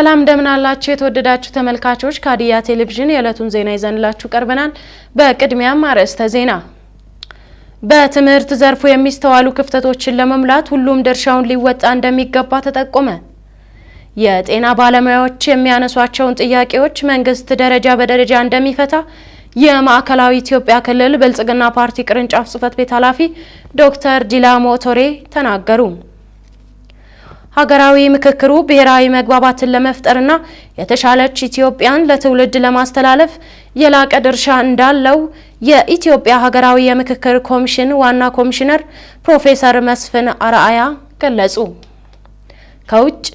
ሰላም እንደምን አላችሁ የተወደዳችሁ ተመልካቾች፣ ሀዲያ ቴሌቪዥን የዕለቱን ዜና ይዘንላችሁ ቀርበናል። በቅድሚያም አርዕስተ ዜና። በትምህርት ዘርፉ የሚስተዋሉ ክፍተቶችን ለመሙላት ሁሉም ድርሻውን ሊወጣ እንደሚገባ ተጠቆመ። የጤና ባለሙያዎች የሚያነሷቸውን ጥያቄዎች መንግስት ደረጃ በደረጃ እንደሚፈታ የማዕከላዊ ኢትዮጵያ ክልል ብልጽግና ፓርቲ ቅርንጫፍ ጽህፈት ቤት ኃላፊ ዶክተር ዲላሞ ቶሬ ተናገሩ። ሀገራዊ ምክክሩ ብሔራዊ መግባባትን ለመፍጠርና የተሻለች ኢትዮጵያን ለትውልድ ለማስተላለፍ የላቀ ድርሻ እንዳለው የኢትዮጵያ ሀገራዊ የምክክር ኮሚሽን ዋና ኮሚሽነር ፕሮፌሰር መስፍን አርአያ ገለጹ። ከውጭ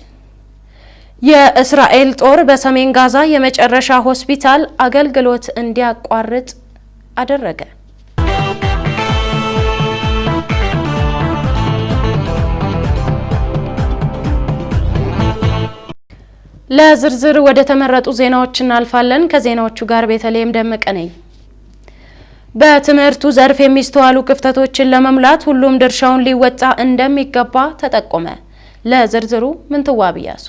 የእስራኤል ጦር በሰሜን ጋዛ የመጨረሻ ሆስፒታል አገልግሎት እንዲያቋርጥ አደረገ። ለዝርዝር ወደ ተመረጡ ዜናዎች እናልፋለን። ከዜናዎቹ ጋር ቤተልሔም ደመቀ ነኝ። በትምህርቱ ዘርፍ የሚስተዋሉ ክፍተቶችን ለመሙላት ሁሉም ድርሻውን ሊወጣ እንደሚገባ ተጠቆመ። ለዝርዝሩ ምንትዋብ ያሱ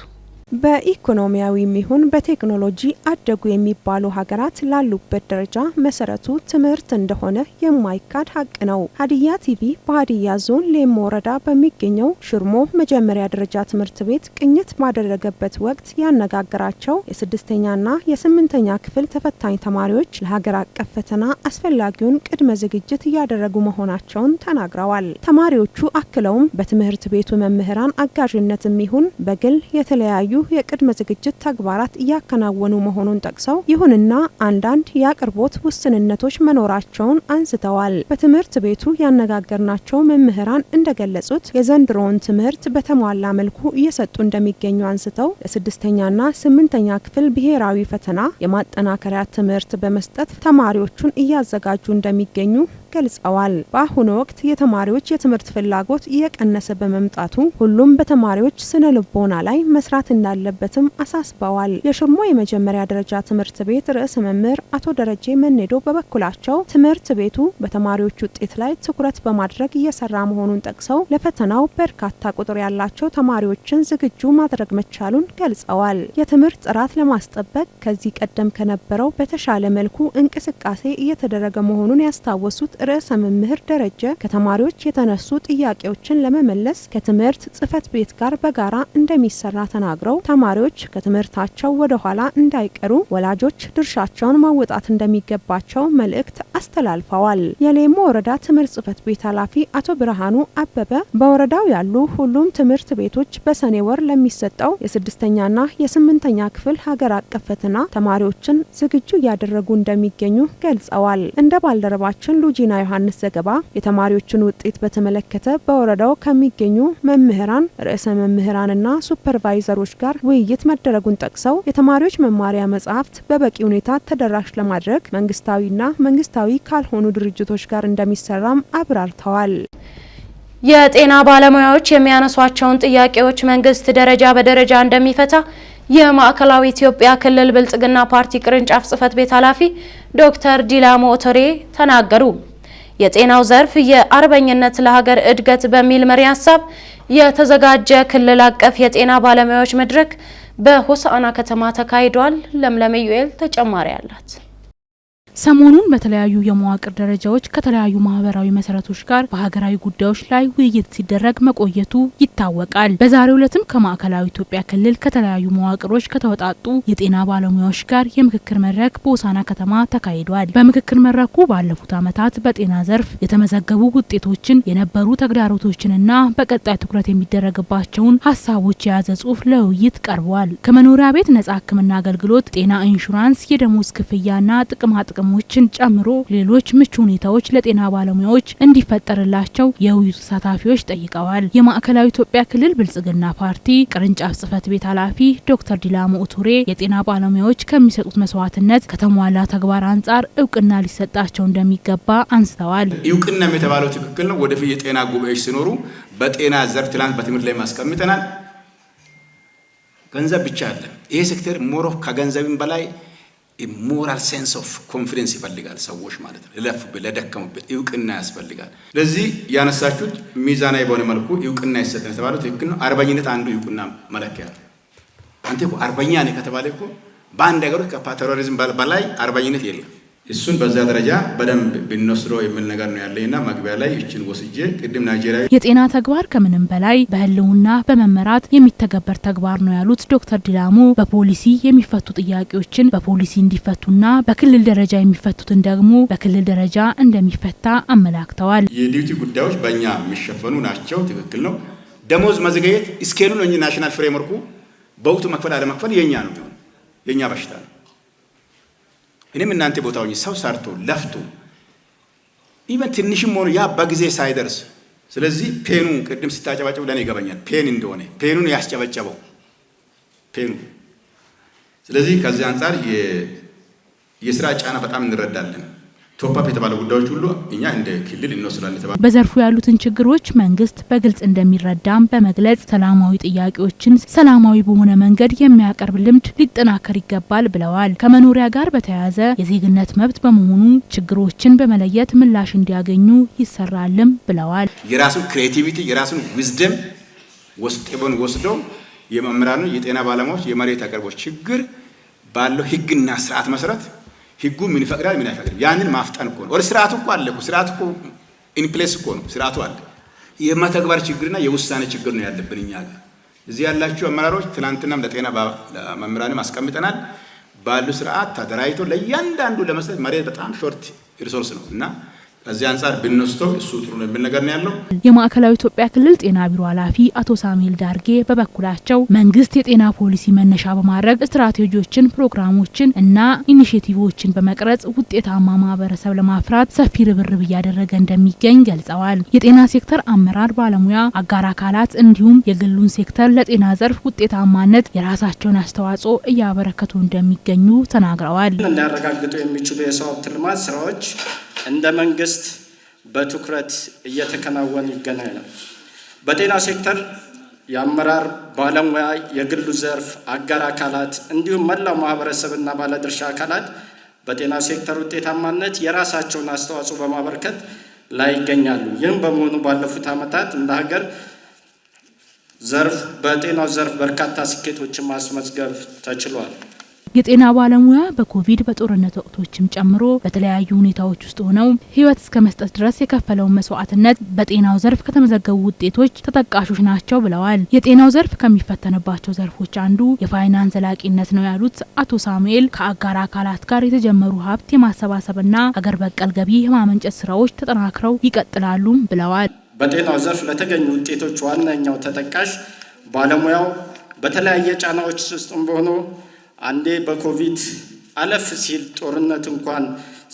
በኢኮኖሚያዊም ይሁን በቴክኖሎጂ አደጉ የሚባሉ ሀገራት ላሉበት ደረጃ መሰረቱ ትምህርት እንደሆነ የማይካድ ሀቅ ነው። ሀዲያ ቲቪ በሀዲያ ዞን ሌሞ ወረዳ በሚገኘው ሽርሞ መጀመሪያ ደረጃ ትምህርት ቤት ቅኝት ባደረገበት ወቅት ያነጋገራቸው የስድስተኛና የስምንተኛ ክፍል ተፈታኝ ተማሪዎች ለሀገር አቀፍ ፈተና አስፈላጊውን ቅድመ ዝግጅት እያደረጉ መሆናቸውን ተናግረዋል። ተማሪዎቹ አክለውም በትምህርት ቤቱ መምህራን አጋዥነትም ይሁን በግል የተለያዩ የቅድመ ዝግጅት ተግባራት እያከናወኑ መሆኑን ጠቅሰው ይሁንና አንዳንድ የአቅርቦት ውስንነቶች መኖራቸውን አንስተዋል። በትምህርት ቤቱ ያነጋገርናቸው መምህራን እንደገለጹት የዘንድሮውን ትምህርት በተሟላ መልኩ እየሰጡ እንደሚገኙ አንስተው ለስድስተኛና ስምንተኛ ክፍል ብሔራዊ ፈተና የማጠናከሪያ ትምህርት በመስጠት ተማሪዎቹን እያዘጋጁ እንደሚገኙ ገልጸዋል። በአሁኑ ወቅት የተማሪዎች የትምህርት ፍላጎት እየቀነሰ በመምጣቱ ሁሉም በተማሪዎች ስነ ልቦና ላይ መስራት እንዳለበትም አሳስበዋል። የሽርሞ የመጀመሪያ ደረጃ ትምህርት ቤት ርዕሰ መምህር አቶ ደረጀ መኔዶ በበኩላቸው ትምህርት ቤቱ በተማሪዎች ውጤት ላይ ትኩረት በማድረግ እየሰራ መሆኑን ጠቅሰው ለፈተናው በርካታ ቁጥር ያላቸው ተማሪዎችን ዝግጁ ማድረግ መቻሉን ገልጸዋል። የትምህርት ጥራት ለማስጠበቅ ከዚህ ቀደም ከነበረው በተሻለ መልኩ እንቅስቃሴ እየተደረገ መሆኑን ያስታወሱት ርዕሰ መምህር ደረጀ ከተማሪዎች የተነሱ ጥያቄዎችን ለመመለስ ከትምህርት ጽህፈት ቤት ጋር በጋራ እንደሚሰራ ተናግረው ተማሪዎች ከትምህርታቸው ወደ ኋላ እንዳይቀሩ ወላጆች ድርሻቸውን መወጣት እንደሚገባቸው መልእክት አስተላልፈዋል። የሌሞ ወረዳ ትምህርት ጽህፈት ቤት ኃላፊ አቶ ብርሃኑ አበበ በወረዳው ያሉ ሁሉም ትምህርት ቤቶች በሰኔ ወር ለሚሰጠው የስድስተኛና የስምንተኛ ክፍል ሀገር አቀፍ ፈተና ተማሪዎችን ዝግጁ እያደረጉ እንደሚገኙ ገልጸዋል። እንደ ባልደረባችን ሉጂ ሊና ዮሐንስ ዘገባ የተማሪዎችን ውጤት በተመለከተ በወረዳው ከሚገኙ መምህራን፣ ርዕሰ መምህራንና ሱፐርቫይዘሮች ጋር ውይይት መደረጉን ጠቅሰው የተማሪዎች መማሪያ መጽሐፍት በበቂ ሁኔታ ተደራሽ ለማድረግ መንግስታዊና መንግስታዊ ካልሆኑ ድርጅቶች ጋር እንደሚሰራም አብራርተዋል። የጤና ባለሙያዎች የሚያነሷቸውን ጥያቄዎች መንግስት ደረጃ በደረጃ እንደሚፈታ የማዕከላዊ ኢትዮጵያ ክልል ብልጽግና ፓርቲ ቅርንጫፍ ጽህፈት ቤት ኃላፊ ዶክተር ዲላሞ ቶሬ ተናገሩ። የጤናው ዘርፍ የአርበኝነት ለሀገር እድገት በሚል መሪ ሀሳብ የተዘጋጀ ክልል አቀፍ የጤና ባለሙያዎች መድረክ በሆሳዕና ከተማ ተካሂዷል። ለምለም ዩኤል ተጨማሪ አላት። ሰሞኑን በተለያዩ የመዋቅር ደረጃዎች ከተለያዩ ማህበራዊ መሰረቶች ጋር በሀገራዊ ጉዳዮች ላይ ውይይት ሲደረግ መቆየቱ ይታወቃል። በዛሬው ዕለትም ከማዕከላዊ ኢትዮጵያ ክልል ከተለያዩ መዋቅሮች ከተወጣጡ የጤና ባለሙያዎች ጋር የምክክር መድረክ በሆሳና ከተማ ተካሂዷል። በምክክር መድረኩ ባለፉት ዓመታት በጤና ዘርፍ የተመዘገቡ ውጤቶችን፣ የነበሩ ተግዳሮቶችንና በቀጣይ ትኩረት የሚደረግባቸውን ሀሳቦች የያዘ ጽሁፍ ለውይይት ቀርቧል። ከመኖሪያ ቤት ነጻ ህክምና አገልግሎት፣ ጤና ኢንሹራንስ፣ የደሞዝ ክፍያና ጥቅማ ጥቅም ጥቅሞችን ጨምሮ ሌሎች ምቹ ሁኔታዎች ለጤና ባለሙያዎች እንዲፈጠርላቸው የውይይቱ ተሳታፊዎች ጠይቀዋል። የማዕከላዊ ኢትዮጵያ ክልል ብልጽግና ፓርቲ ቅርንጫፍ ጽህፈት ቤት ኃላፊ ዶክተር ዲላሞ ኡቱሬ የጤና ባለሙያዎች ከሚሰጡት መስዋዕትነት ከተሟላ ተግባር አንጻር እውቅና ሊሰጣቸው እንደሚገባ አንስተዋል። እውቅናም የተባለው ትክክል ነው። ወደፊት የጤና ጉባኤዎች ሲኖሩ በጤና ዘርፍ ትላንት በትምህርት ላይ ማስቀምጠናል። ገንዘብ ብቻ አለ። ይሄ ሴክተር ሞሮፍ ከገንዘብም በላይ ሞራል ሴንስ ኦፍ ኮንፊደንስ ይፈልጋል ሰዎች ማለት ነው። ለለፉበት፣ ለደከሙበት እውቅና ያስፈልጋል። ለዚህ ያነሳችሁት ሚዛናዊ በሆነ መልኩ እውቅና ይሰጠን የተባለው ትክክል ነው። አርበኝነት አንዱ እውቅና መለኪያ ነው። አንተ እኮ አርበኛ ነህ ከተባለ እኮ በአንድ ሀገር ውስጥ ከፓትሪያሪዝም በላይ አርበኝነት የለም። እሱን በዛ ደረጃ በደንብ ብንወስዶ የሚል ነገር ነው ያለኝና መግቢያ ላይ እችን ወስጄ ቅድም ናይጄሪያ የጤና ተግባር ከምንም በላይ በህልውና በመመራት የሚተገበር ተግባር ነው ያሉት ዶክተር ዲላሞ በፖሊሲ የሚፈቱ ጥያቄዎችን በፖሊሲ እንዲፈቱና በክልል ደረጃ የሚፈቱትን ደግሞ በክልል ደረጃ እንደሚፈታ አመላክተዋል። የዲዩቲ ጉዳዮች በእኛ የሚሸፈኑ ናቸው። ትክክል ነው። ደሞዝ መዘገየት እስኬሉን ናሽናል ፍሬምወርኩ በወቅቱ መክፈል አለመክፈል የኛ ነው የኛ በሽታ ነው። እኔም እናንተ ቦታ ሰው ሰርቶ ለፍቶ ኢቨን ትንሽም ሆኖ ያ በጊዜ ሳይደርስ ስለዚህ ፔኑ ቅድም ስታጨባጨቡ ለእኔ ይገባኛል፣ ፔን እንደሆነ ፔኑን ያስጨበጨበው ፔኑ። ስለዚህ ከዚህ አንጻር የስራ ጫና በጣም እንረዳለን። ቶፓፕ የተባለ ጉዳዮች ሁሉ እኛ እንደ ክልል እንወስዳለን የተባለ በዘርፉ ያሉትን ችግሮች መንግስት በግልጽ እንደሚረዳም በመግለጽ ሰላማዊ ጥያቄዎችን ሰላማዊ በሆነ መንገድ የሚያቀርብ ልምድ ሊጠናከር ይገባል ብለዋል። ከመኖሪያ ጋር በተያያዘ የዜግነት መብት በመሆኑ ችግሮችን በመለየት ምላሽ እንዲያገኙ ይሰራልም ብለዋል። የራሱን ክሬቲቪቲ የራሱን ዊዝደም ጥበን ወስዶ የመምህራኑ የጤና ባለሙያዎች የመሬት አቅርቦች ችግር ባለው ህግና ስርዓት መሰረት ህጉ ምን ይፈቅዳል፣ ምን አይፈቅድም፣ ያንን ማፍጠን እኮ ነው። ወደ ስርዓቱ እኮ አለ ስርዓቱ እኮ ኢንፕሌስ እኮ ነው፣ ስርዓቱ አለ። የመተግበር ችግርና የውሳኔ ችግር ነው ያለብን እኛ ጋር። እዚህ ያላችሁ አመራሮች፣ ትናንትናም ለጤና መምህራንም አስቀምጠናል ባሉ ስርዓት ተደራጅቶ ለእያንዳንዱ ለመስጠት መሬት በጣም ሾርት ሪሶርስ ነው እና ከዚህ አንጻር ብንወስደው እሱ ጥሩ ነው የሚል ነገር ነው ያለው። የማዕከላዊ ኢትዮጵያ ክልል ጤና ቢሮ ኃላፊ አቶ ሳሙኤል ዳርጌ በበኩላቸው መንግስት የጤና ፖሊሲ መነሻ በማድረግ ስትራቴጂዎችን፣ ፕሮግራሞችን እና ኢኒሽቲቮችን በመቅረጽ ውጤታማ ማህበረሰብ ለማፍራት ሰፊ ርብርብ እያደረገ እንደሚገኝ ገልጸዋል። የጤና ሴክተር አመራር ባለሙያ አጋር አካላት እንዲሁም የግሉን ሴክተር ለጤና ዘርፍ ውጤታማነት የራሳቸውን አስተዋጽኦ እያበረከቱ እንደሚገኙ ተናግረዋል። ሊያረጋግጡ የሚችሉ የሰው ሀብት ልማት ስራዎች እንደ መንግስት በትኩረት እየተከናወነ ነው። በጤና ሴክተር የአመራር ባለሙያ፣ የግሉ ዘርፍ አጋር አካላት እንዲሁም መላው ማህበረሰብና ባለድርሻ አካላት በጤና ሴክተር ውጤታማነት የራሳቸውን አስተዋጽኦ በማበርከት ላይ ይገኛሉ። ይህም በመሆኑ ባለፉት ዓመታት እንደ ሀገር ዘርፍ በጤናው ዘርፍ በርካታ ስኬቶችን ማስመዝገብ ተችሏል። የጤና ባለሙያ በኮቪድ በጦርነት ወቅቶችም ጨምሮ በተለያዩ ሁኔታዎች ውስጥ ሆነው ህይወት እስከ መስጠት ድረስ የከፈለውን መስዋዕትነት በጤናው ዘርፍ ከተመዘገቡ ውጤቶች ተጠቃሾች ናቸው ብለዋል። የጤናው ዘርፍ ከሚፈተንባቸው ዘርፎች አንዱ የፋይናንስ ዘላቂነት ነው ያሉት አቶ ሳሙኤል ከአጋር አካላት ጋር የተጀመሩ ሀብት የማሰባሰብና አገር በቀል ገቢ የማመንጨት ስራዎች ተጠናክረው ይቀጥላሉም ብለዋል። በጤናው ዘርፍ ለተገኙ ውጤቶች ዋነኛው ተጠቃሽ ባለሙያው በተለያየ ጫናዎች ውስጥም በሆነው አንዴ በኮቪድ አለፍ ሲል ጦርነት እንኳን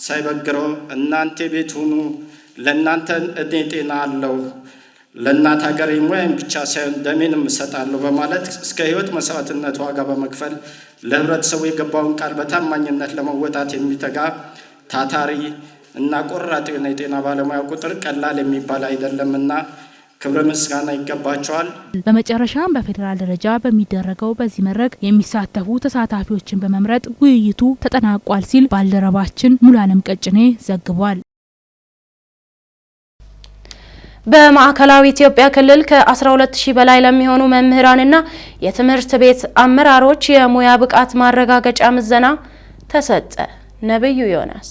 ሳይበግረው እናንተ ቤት ሁኑ፣ ለእናንተ እኔ ጤና አለው፣ ለእናት ሀገር ሙያን ብቻ ሳይሆን ደሜንም እሰጣለሁ በማለት እስከ ህይወት መስዋዕትነት ዋጋ በመክፈል ለህብረተሰቡ የገባውን ቃል በታማኝነት ለመወጣት የሚተጋ ታታሪ እና ቆራጥ የሆነ የጤና ባለሙያ ቁጥር ቀላል የሚባል አይደለምና ክብረ ምስጋና ይገባቸዋል። በመጨረሻም በፌዴራል ደረጃ በሚደረገው በዚህ መድረክ የሚሳተፉ ተሳታፊዎችን በመምረጥ ውይይቱ ተጠናቋል ሲል ባልደረባችን ሙሉዓለም ቀጭኔ ዘግቧል። በማዕከላዊ ኢትዮጵያ ክልል ከ12000 በላይ ለሚሆኑ መምህራንና የትምህርት ቤት አመራሮች የሙያ ብቃት ማረጋገጫ ምዘና ተሰጠ። ነብዩ ዮናስ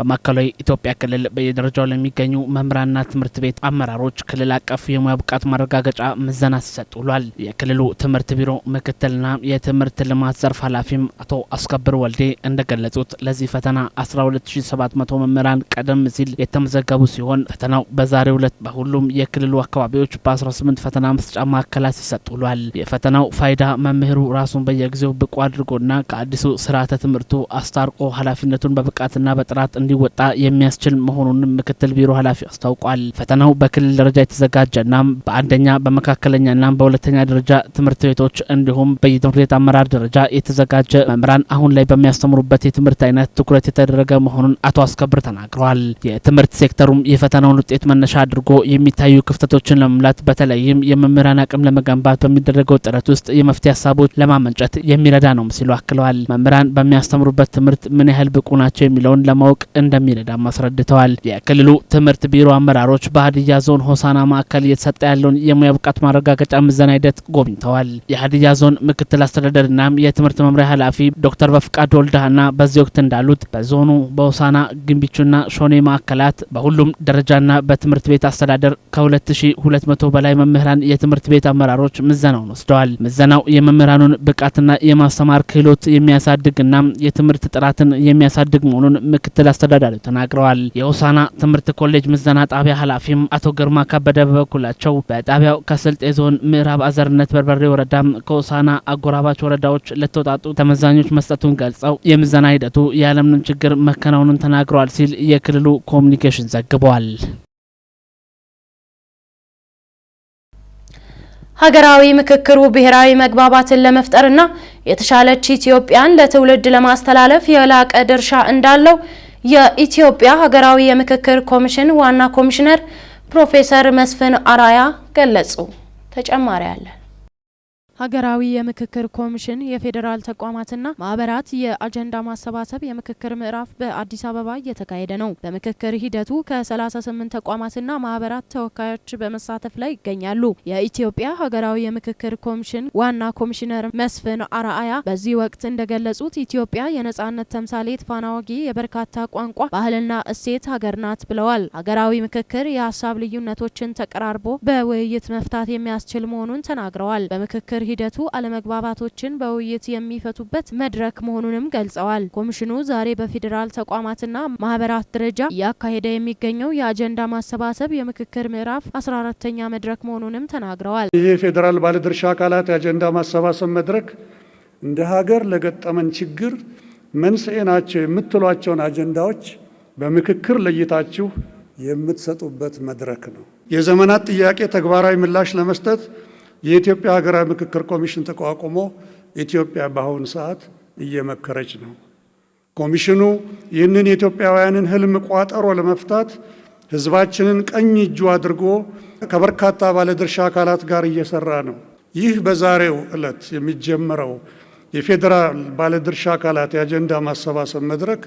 በማዕከላዊ ኢትዮጵያ ክልል በየደረጃው ለሚገኙ መምህራንና ትምህርት ቤት አመራሮች ክልል አቀፍ የሙያ ብቃት ማረጋገጫ ምዘና ሲሰጥ ውሏል። የክልሉ ትምህርት ቢሮ ምክትልና የትምህርት ልማት ዘርፍ ኃላፊም አቶ አስከብር ወልዴ እንደገለጹት ለዚህ ፈተና 12700 መምህራን ቀደም ሲል የተመዘገቡ ሲሆን ፈተናው በዛሬው ዕለት በሁሉም የክልሉ አካባቢዎች በ18 ፈተና መስጫ ማዕከላት ሲሰጥ ውሏል። የፈተናው ፋይዳ መምህሩ ራሱን በየጊዜው ብቁ አድርጎና ከአዲሱ ስርዓተ ትምህርቱ አስታርቆ ኃላፊነቱን በብቃትና በጥራት እንዲወጣ የሚያስችል መሆኑንም ምክትል ቢሮ ኃላፊ አስታውቋል። ፈተናው በክልል ደረጃ የተዘጋጀ ና በአንደኛ በመካከለኛና በሁለተኛ ደረጃ ትምህርት ቤቶች እንዲሁም በየትምህርት ቤት አመራር ደረጃ የተዘጋጀ መምህራን አሁን ላይ በሚያስተምሩበት የትምህርት አይነት ትኩረት የተደረገ መሆኑን አቶ አስከብር ተናግረዋል። የትምህርት ሴክተሩም የፈተናውን ውጤት መነሻ አድርጎ የሚታዩ ክፍተቶችን ለመሙላት በተለይም የመምህራን አቅም ለመገንባት በሚደረገው ጥረት ውስጥ የመፍትሄ ሀሳቦች ለማመንጨት የሚረዳ ነው ሲሉ አክለዋል። መምህራን በሚያስተምሩበት ትምህርት ምን ያህል ብቁ ናቸው የሚለውን ለማወቅ እንደሚረዳም አስረድተዋል። የክልሉ ትምህርት ቢሮ አመራሮች በሀዲያ ዞን ሆሳና ማዕከል እየተሰጠ ያለውን የሙያ ብቃት ማረጋገጫ ምዘና ሂደት ጎብኝተዋል። የሀዲያ ዞን ምክትል አስተዳደርና የትምህርት መምሪያ ኃላፊ ዶክተር በፍቃድ ወልዳና በዚህ ወቅት እንዳሉት በዞኑ በሆሳና ግንቢቹና ሾኔ ማዕከላት በሁሉም ደረጃና በትምህርት ቤት አስተዳደር ከ2200 በላይ መምህራን የትምህርት ቤት አመራሮች ምዘናውን ወስደዋል። ምዘናው የመምህራኑን ብቃትና የማስተማር ክህሎት የሚያሳድግና የትምህርት ጥራትን የሚያሳድግ መሆኑን ምክትል አስተዳዳሪው ተናግረዋል። የሆሳና ትምህርት ኮሌጅ ምዘና ጣቢያ ኃላፊም አቶ ግርማ ከበደ በበኩላቸው በጣቢያው ከስልጤ ዞን ምዕራብ አዘርነት በርበሬ ወረዳም ከሆሳና አጎራባች ወረዳዎች ለተወጣጡ ተመዛኞች መስጠቱን ገልጸው የምዘና ሂደቱ የዓለምንም ችግር መከናወኑን ተናግረዋል ሲል የክልሉ ኮሚኒኬሽን ዘግበዋል። ሀገራዊ ምክክሩ ብሔራዊ መግባባትን ለመፍጠርና የተሻለች ኢትዮጵያን ለትውልድ ለማስተላለፍ የላቀ ድርሻ እንዳለው የኢትዮጵያ ሀገራዊ የምክክር ኮሚሽን ዋና ኮሚሽነር ፕሮፌሰር መስፍን አራያ ገለጹ። ተጨማሪ አለን። ሀገራዊ የምክክር ኮሚሽን የፌዴራል ተቋማትና ማህበራት የአጀንዳ ማሰባሰብ የምክክር ምዕራፍ በአዲስ አበባ እየተካሄደ ነው። በምክክር ሂደቱ ከ38 ተቋማትና ማህበራት ተወካዮች በመሳተፍ ላይ ይገኛሉ። የኢትዮጵያ ሀገራዊ የምክክር ኮሚሽን ዋና ኮሚሽነር መስፍን አርአያ በዚህ ወቅት እንደገለጹት ኢትዮጵያ የነጻነት ተምሳሌት ፋና ወጊ የበርካታ ቋንቋ ባህልና እሴት ሀገር ናት ብለዋል። ሀገራዊ ምክክር የሀሳብ ልዩነቶችን ተቀራርቦ በውይይት መፍታት የሚያስችል መሆኑን ተናግረዋል። በምክክር የምክክር ሂደቱ አለመግባባቶችን በውይይት የሚፈቱበት መድረክ መሆኑንም ገልጸዋል። ኮሚሽኑ ዛሬ በፌዴራል ተቋማትና ማህበራት ደረጃ እያካሄደ የሚገኘው የአጀንዳ ማሰባሰብ የምክክር ምዕራፍ 14ተኛ መድረክ መሆኑንም ተናግረዋል። ይህ የፌዴራል ባለድርሻ አካላት የአጀንዳ ማሰባሰብ መድረክ እንደ ሀገር ለገጠመን ችግር መንስኤ ናቸው የምትሏቸውን አጀንዳዎች በምክክር ለይታችሁ የምትሰጡበት መድረክ ነው። የዘመናት ጥያቄ ተግባራዊ ምላሽ ለመስጠት የኢትዮጵያ ሀገራዊ ምክክር ኮሚሽን ተቋቁሞ ኢትዮጵያ በአሁኑ ሰዓት እየመከረች ነው። ኮሚሽኑ ይህንን የኢትዮጵያውያንን ህልም ቋጠሮ ለመፍታት ህዝባችንን ቀኝ እጁ አድርጎ ከበርካታ ባለድርሻ አካላት ጋር እየሰራ ነው። ይህ በዛሬው ዕለት የሚጀመረው የፌዴራል ባለድርሻ አካላት የአጀንዳ ማሰባሰብ መድረክ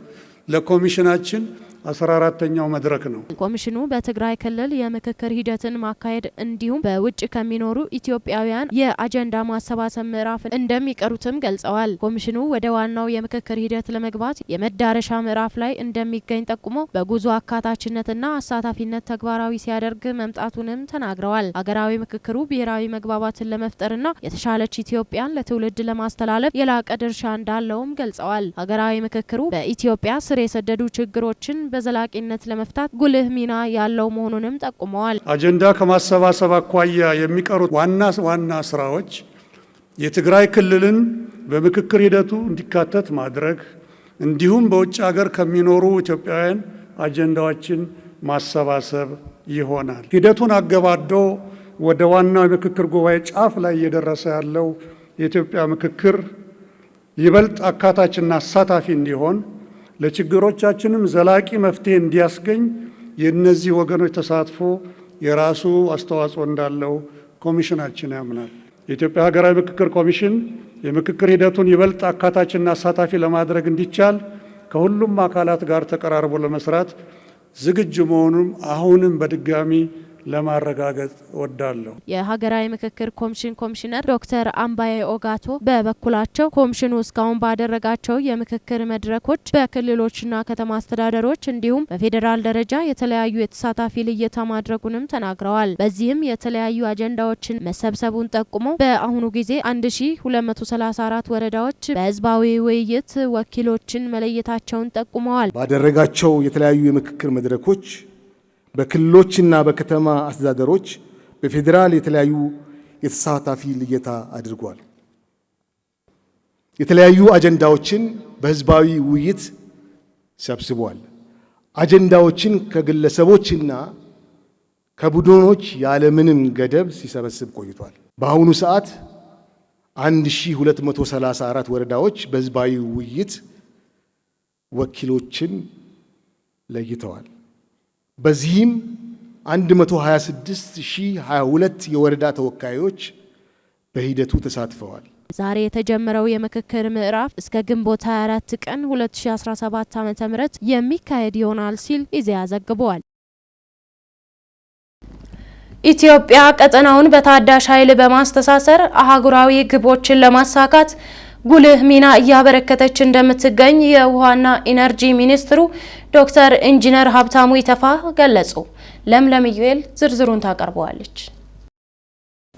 ለኮሚሽናችን አስራ አራተኛው መድረክ ነው። ኮሚሽኑ በትግራይ ክልል የምክክር ሂደትን ማካሄድ እንዲሁም በውጭ ከሚኖሩ ኢትዮጵያውያን የአጀንዳ ማሰባሰብ ምዕራፍ እንደሚቀሩትም ገልጸዋል። ኮሚሽኑ ወደ ዋናው የምክክር ሂደት ለመግባት የመዳረሻ ምዕራፍ ላይ እንደሚገኝ ጠቁሞ በጉዞ አካታችነትና አሳታፊነት ተግባራዊ ሲያደርግ መምጣቱንም ተናግረዋል። አገራዊ ምክክሩ ብሔራዊ መግባባትን ለመፍጠርና የተሻለች ኢትዮጵያን ለትውልድ ለማስተላለፍ የላቀ ድርሻ እንዳለውም ገልጸዋል። አገራዊ ምክክሩ በኢትዮጵያ ስር የሰደዱ ችግሮችን በዘላቂነት ለመፍታት ጉልህ ሚና ያለው መሆኑንም ጠቁመዋል። አጀንዳ ከማሰባሰብ አኳያ የሚቀሩት ዋና ዋና ስራዎች የትግራይ ክልልን በምክክር ሂደቱ እንዲካተት ማድረግ እንዲሁም በውጭ ሀገር ከሚኖሩ ኢትዮጵያውያን አጀንዳዎችን ማሰባሰብ ይሆናል። ሂደቱን አገባዶ ወደ ዋናው የምክክር ጉባኤ ጫፍ ላይ እየደረሰ ያለው የኢትዮጵያ ምክክር ይበልጥ አካታችና አሳታፊ እንዲሆን ለችግሮቻችንም ዘላቂ መፍትሄ እንዲያስገኝ የእነዚህ ወገኖች ተሳትፎ የራሱ አስተዋጽኦ እንዳለው ኮሚሽናችን ያምናል። የኢትዮጵያ ሀገራዊ ምክክር ኮሚሽን የምክክር ሂደቱን ይበልጥ አካታችና አሳታፊ ለማድረግ እንዲቻል ከሁሉም አካላት ጋር ተቀራርቦ ለመስራት ዝግጁ መሆኑም አሁንም በድጋሚ ለማረጋገጥ ወዳለሁ የሀገራዊ ምክክር ኮሚሽን ኮሚሽነር ዶክተር አምባዬ ኦጋቶ በበኩላቸው ኮሚሽኑ እስካሁን ባደረጋቸው የምክክር መድረኮች በክልሎችና ከተማ አስተዳደሮች እንዲሁም በፌዴራል ደረጃ የተለያዩ የተሳታፊ ልየታ ማድረጉንም ተናግረዋል። በዚህም የተለያዩ አጀንዳዎችን መሰብሰቡን ጠቁመው በአሁኑ ጊዜ 1234 ወረዳዎች በህዝባዊ ውይይት ወኪሎችን መለየታቸውን ጠቁመዋል። ባደረጋቸው የተለያዩ የምክክር መድረኮች በክልሎችና በከተማ አስተዳደሮች በፌዴራል የተለያዩ የተሳታፊ ልየታ አድርጓል። የተለያዩ አጀንዳዎችን በህዝባዊ ውይይት ሰብስቧል። አጀንዳዎችን ከግለሰቦችና ከቡድኖች ያለምንም ገደብ ሲሰበስብ ቆይቷል። በአሁኑ ሰዓት 1234 ወረዳዎች በህዝባዊ ውይይት ወኪሎችን ለይተዋል። በዚህም 126022 የወረዳ ተወካዮች በሂደቱ ተሳትፈዋል። ዛሬ የተጀመረው የምክክር ምዕራፍ እስከ ግንቦት 24 ቀን 2017 ዓ.ም የሚካሄድ ይሆናል ሲል ኢዜአ ዘግቧል። ኢትዮጵያ ቀጠናውን በታዳሽ ኃይል በማስተሳሰር አህጉራዊ ግቦችን ለማሳካት ጉልህ ሚና እያበረከተች እንደምትገኝ የውሃና ኢነርጂ ሚኒስትሩ ዶክተር ኢንጂነር ሀብታሙ ኢተፋ ገለጹ። ለምለም ዝርዝሩን ታቀርበዋለች።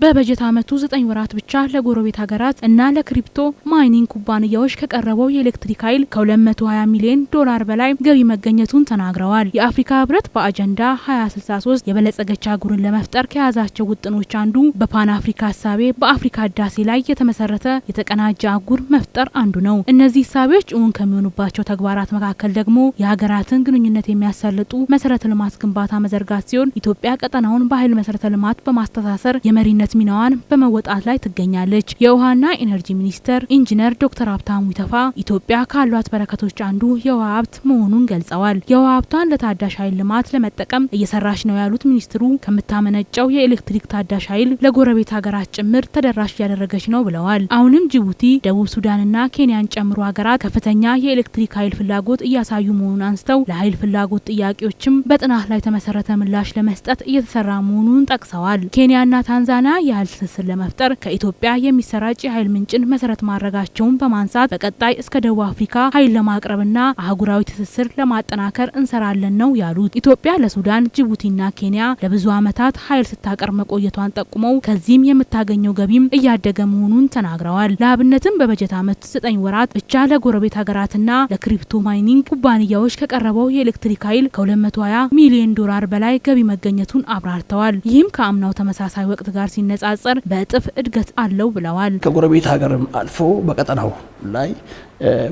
በበጀት ዓመቱ ዘጠኝ ወራት ብቻ ለጎረቤት ሀገራት እና ለክሪፕቶ ማይኒንግ ኩባንያዎች ከቀረበው የኤሌክትሪክ ኃይል ከ220 ሚሊዮን ዶላር በላይ ገቢ መገኘቱን ተናግረዋል። የአፍሪካ ህብረት በአጀንዳ 2063 የበለጸገች አህጉርን ለመፍጠር ከያዛቸው ውጥኖች አንዱ በፓን አፍሪካ እሳቤ በአፍሪካ ህዳሴ ላይ የተመሰረተ የተቀናጀ አህጉር መፍጠር አንዱ ነው። እነዚህ እሳቤዎች እውን ከሚሆኑባቸው ተግባራት መካከል ደግሞ የሀገራትን ግንኙነት የሚያሳልጡ መሰረተ ልማት ግንባታ መዘርጋት ሲሆን ኢትዮጵያ ቀጠናውን በኃይል መሰረተ ልማት በማስተሳሰር የመሪነት የመሪነት ሚናዋን በመወጣት ላይ ትገኛለች። የውሃና ኢነርጂ ሚኒስትር ኢንጂነር ዶክተር ሀብታሙ ኢተፋ ኢትዮጵያ ካሏት በረከቶች አንዱ የውሃ ሀብት መሆኑን ገልጸዋል። የውሃ ሀብቷን ለታዳሽ ኃይል ልማት ለመጠቀም እየሰራች ነው ያሉት ሚኒስትሩ ከምታመነጨው የኤሌክትሪክ ታዳሽ ኃይል ለጎረቤት ሀገራት ጭምር ተደራሽ እያደረገች ነው ብለዋል። አሁንም ጅቡቲ፣ ደቡብ ሱዳንና ኬንያን ጨምሮ ሀገራት ከፍተኛ የኤሌክትሪክ ኃይል ፍላጎት እያሳዩ መሆኑን አንስተው ለኃይል ፍላጎት ጥያቄዎችም በጥናት ላይ ተመሰረተ ምላሽ ለመስጠት እየተሰራ መሆኑን ጠቅሰዋል። ኬንያና ታንዛኒያ የኃይል ትስስር ለመፍጠር ከኢትዮጵያ የሚሰራጭ የኃይል ምንጭን መሰረት ማድረጋቸውን በማንሳት በቀጣይ እስከ ደቡብ አፍሪካ ኃይል ለማቅረብና አህጉራዊ ትስስር ለማጠናከር እንሰራለን ነው ያሉት። ኢትዮጵያ ለሱዳን፣ ጅቡቲና ኬንያ ለብዙ ዓመታት ኃይል ስታቀርብ መቆየቷን ጠቁመው ከዚህም የምታገኘው ገቢም እያደገ መሆኑን ተናግረዋል። ለአብነትም በበጀት ዓመት ዘጠኝ ወራት ብቻ ለጎረቤት ሀገራትና ለክሪፕቶ ማይኒንግ ኩባንያዎች ከቀረበው የኤሌክትሪክ ኃይል ከ220 ሚሊዮን ዶላር በላይ ገቢ መገኘቱን አብራርተዋል። ይህም ከአምናው ተመሳሳይ ወቅት ጋር ሲ ሲነጻጸር በእጥፍ እድገት አለው ብለዋል። ከጎረቤት ሀገርም አልፎ በቀጠናው ላይ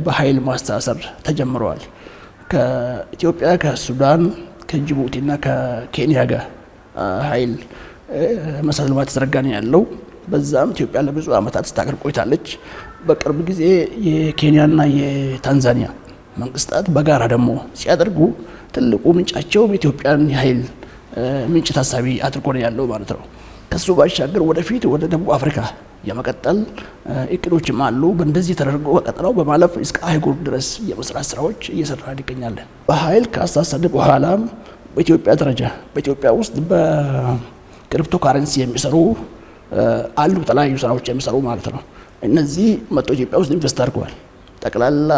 በኃይል ማስተሳሰር ተጀምረዋል። ከኢትዮጵያ፣ ከሱዳን፣ ከጅቡቲና ከኬንያ ጋር ኃይል መሰረተ ልማት ያለው በዛም ኢትዮጵያ ለብዙ ዓመታት ስታገር ቆይታለች። በቅርብ ጊዜ የኬንያና የታንዛኒያ መንግስታት በጋራ ደግሞ ሲያደርጉ ትልቁ ምንጫቸው የኢትዮጵያን የኃይል ምንጭ ታሳቢ አድርጎ ነው ያለው ማለት ነው። ከሱ ባሻገር ወደፊት ወደ ደቡብ አፍሪካ የመቀጠል እቅዶችም አሉ። በእንደዚህ ተደርጎ በቀጠናው በማለፍ እስከ አህጉር ድረስ የመስራት ስራዎች እየሰራ እንገኛለን። በኃይል ካስተሳሰደ በኋላም በኢትዮጵያ ደረጃ በኢትዮጵያ ውስጥ በክሪፕቶ ካረንሲ የሚሰሩ አሉ፣ የተለያዩ ስራዎች የሚሰሩ ማለት ነው። እነዚህ መጥቶ ኢትዮጵያ ውስጥ ኢንቨስት አድርገዋል። ጠቅላላ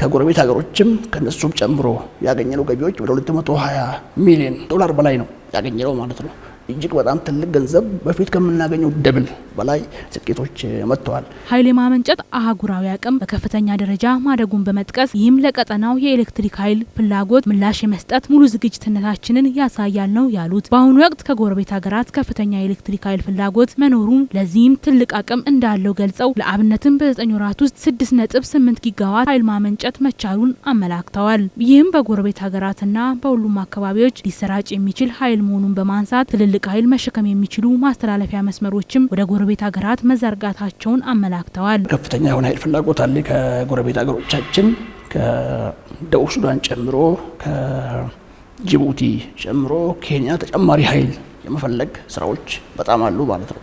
ከጎረቤት ሀገሮችም ከነሱም ጨምሮ ያገኘነው ገቢዎች ወደ 220 ሚሊዮን ዶላር በላይ ነው ያገኘነው ማለት ነው። እጅግ በጣም ትልቅ ገንዘብ በፊት ከምናገኘው ደብል በላይ ስኬቶች መጥተዋል። ኃይል የማመንጨት አህጉራዊ አቅም በከፍተኛ ደረጃ ማደጉን በመጥቀስ ይህም ለቀጠናው የኤሌክትሪክ ኃይል ፍላጎት ምላሽ የመስጠት ሙሉ ዝግጅትነታችንን ያሳያል ነው ያሉት። በአሁኑ ወቅት ከጎረቤት ሀገራት ከፍተኛ የኤሌክትሪክ ኃይል ፍላጎት መኖሩም ለዚህም ትልቅ አቅም እንዳለው ገልጸው ለአብነትም በዘጠኝ ወራት ውስጥ ስድስት ነጥብ ስምንት ጊጋዋት ኃይል ማመንጨት መቻሉን አመላክተዋል። ይህም በጎረቤት ሀገራትና በሁሉም አካባቢዎች ሊሰራጭ የሚችል ኃይል መሆኑን በማንሳት ትልል ትልቅ ኃይል መሸከም የሚችሉ ማስተላለፊያ መስመሮችም ወደ ጎረቤት ሀገራት መዘርጋታቸውን አመላክተዋል። ከፍተኛ የሆነ ኃይል ፍላጎት አለ ከጎረቤት ሀገሮቻችን ከደቡብ ሱዳን ጨምሮ ከጅቡቲ ጨምሮ ኬንያ ተጨማሪ ኃይል የመፈለግ ስራዎች በጣም አሉ ማለት ነው።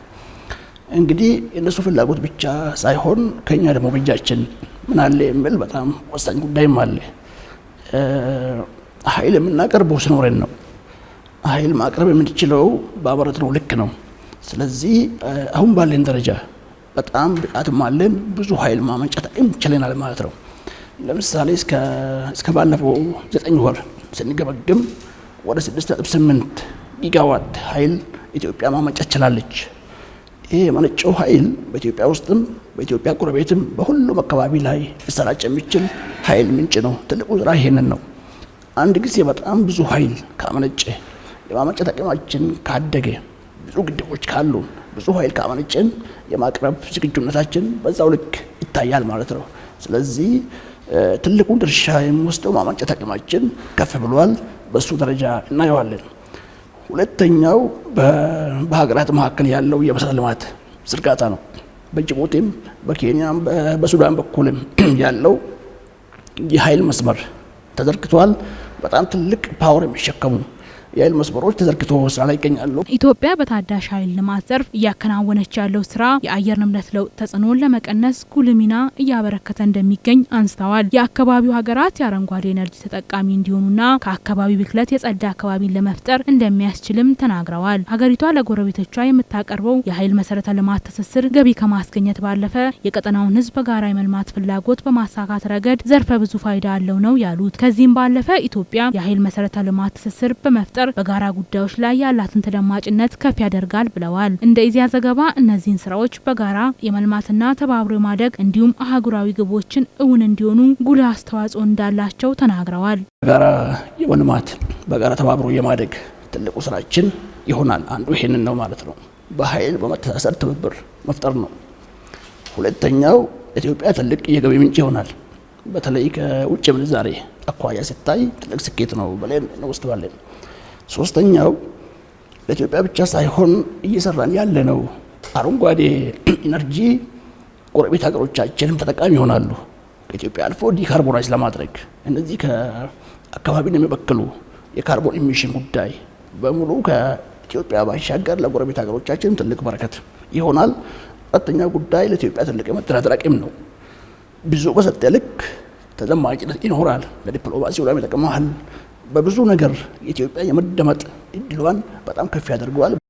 እንግዲህ የእነሱ ፍላጎት ብቻ ሳይሆን ከኛ ደግሞ በእጃችን ምን አለ የሚል በጣም ወሳኝ ጉዳይም አለ። ኃይል የምናቀርበው ስኖረን ነው። ኃይል ማቅረብ የምንችለው በአበረት ነው። ልክ ነው። ስለዚህ አሁን ባለን ደረጃ በጣም ብቃትም አለን፣ ብዙ ኃይል ማመንጨት እንችለናል ማለት ነው። ለምሳሌ እስከ ባለፈው ዘጠኝ ወር ስንገመግም ወደ ስድስት ነጥብ ስምንት ጊጋዋት ኃይል ኢትዮጵያ ማመንጨት ችላለች። ይህ የመነጨው ኃይል በኢትዮጵያ ውስጥም በኢትዮጵያ ጎረቤትም በሁሉም አካባቢ ላይ ሊሰራጭ የሚችል ኃይል ምንጭ ነው። ትልቁ ስራ ይሄንን ነው። አንድ ጊዜ በጣም ብዙ ኃይል ካመነጨ የማመንጨት አቅማችን ካደገ ብዙ ግድቦች ካሉ ብዙ ኃይል ካመነጭን የማቅረብ ዝግጁነታችን በዛው ልክ ይታያል ማለት ነው። ስለዚህ ትልቁን ድርሻ የሚወስደው ማመንጨት አቅማችን ከፍ ብሏል። በሱ ደረጃ እናየዋለን። ሁለተኛው በሀገራት መካከል ያለው የመሰረተ ልማት ዝርጋታ ነው። በጅቡቲም በኬንያም በሱዳን በኩልም ያለው የኃይል መስመር ተዘርግቷል። በጣም ትልቅ ፓወር የሚሸከሙ የኃይል መስመሮች ተዘርግቶ ስራ ላይ ይገኛሉ። ኢትዮጵያ በታዳሽ ኃይል ልማት ዘርፍ እያከናወነች ያለው ስራ የአየር ንብረት ለውጥ ተጽዕኖን ለመቀነስ ጉልህ ሚና እያበረከተ እንደሚገኝ አንስተዋል። የአካባቢው ሀገራት የአረንጓዴ ኤነርጂ ተጠቃሚ እንዲሆኑና ከአካባቢው ብክለት የጸዳ አካባቢን ለመፍጠር እንደሚያስችልም ተናግረዋል። ሀገሪቷ ለጎረቤቶቿ የምታቀርበው የኃይል መሰረተ ልማት ትስስር ገቢ ከማስገኘት ባለፈ የቀጠናውን ህዝብ በጋራ የመልማት ፍላጎት በማሳካት ረገድ ዘርፈ ብዙ ፋይዳ አለው ነው ያሉት። ከዚህም ባለፈ ኢትዮጵያ የኃይል መሰረተ ልማት ትስስር በመፍጠር ቁጥጥር በጋራ ጉዳዮች ላይ ያላትን ተደማጭነት ከፍ ያደርጋል ብለዋል። እንደ ኢዜአ ዘገባ እነዚህን ስራዎች በጋራ የመልማትና ተባብሮ ማደግ እንዲሁም አህጉራዊ ግቦችን እውን እንዲሆኑ ጉልህ አስተዋጽኦ እንዳላቸው ተናግረዋል። በጋራ የመልማት በጋራ ተባብሮ የማደግ ትልቁ ስራችን ይሆናል። አንዱ ይሄንን ነው ማለት ነው። በኃይል በመተሳሰር ትብብር መፍጠር ነው። ሁለተኛው ኢትዮጵያ ትልቅ የገቢ ምንጭ ይሆናል። በተለይ ከውጭ ምንዛሬ አኳያ ሲታይ ትልቅ ስኬት ነው ብለን ነው ውስጥ ባለን ሶስተኛው ለኢትዮጵያ ብቻ ሳይሆን እየሰራን ያለ ነው አረንጓዴ ኢነርጂ ጎረቤት ሀገሮቻችንም ተጠቃሚ ይሆናሉ። ከኢትዮጵያ አልፎ ዲካርቦናይዝ ለማድረግ እነዚህ ከአካባቢን የሚበክሉ የካርቦን ኢሚሽን ጉዳይ በሙሉ ከኢትዮጵያ ባሻገር ለጎረቤት ሀገሮቻችንም ትልቅ በረከት ይሆናል። አራተኛው ጉዳይ ለኢትዮጵያ ትልቅ የመደራደር አቅም ነው። ብዙ በሰጠ ልክ ተደማጭነት ይኖራል። ለዲፕሎማሲው ላም ይጠቅመሃል፣ በብዙ ነገር ኢትዮጵያ የመደመጥ እድሏን በጣም ከፍ ያደርገዋል።